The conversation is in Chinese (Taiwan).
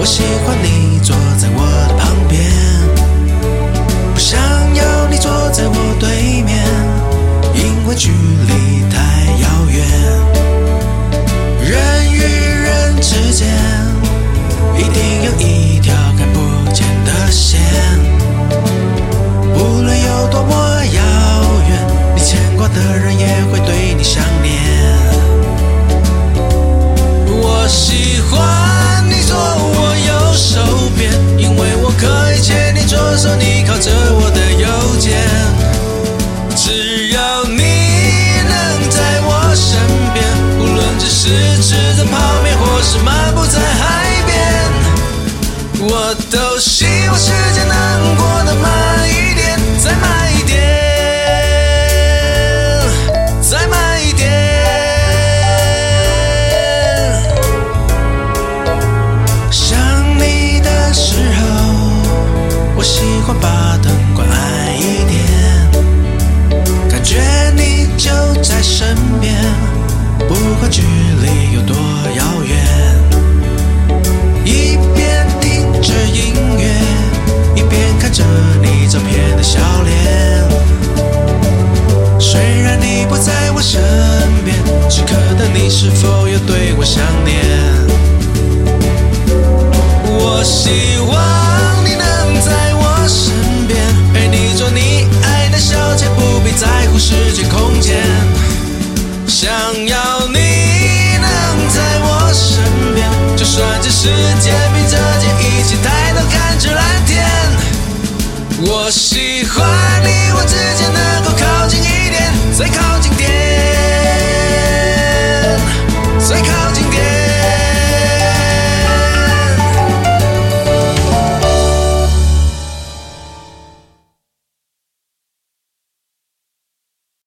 我喜歡你坐在我的旁邊，不想要你坐在我對面，因為距離太遙遠。人與人之間，一定有一條看不見的線。無論有多麼遙遠，你牽掛的人也會對你想念。我喜歡。我都希望時間能過得慢一點，再慢一點，再慢一點。 想你的時候，我喜歡把燈關暗。笑臉。雖然你不在我身邊，此刻的你是否也對我想念？我希望你能在我身邊，陪你做你愛的消遣，不必在乎時間空間。想要你能在我身邊，就算是肩並著肩一起抬頭看着藍天。我喜歡你，我之間的。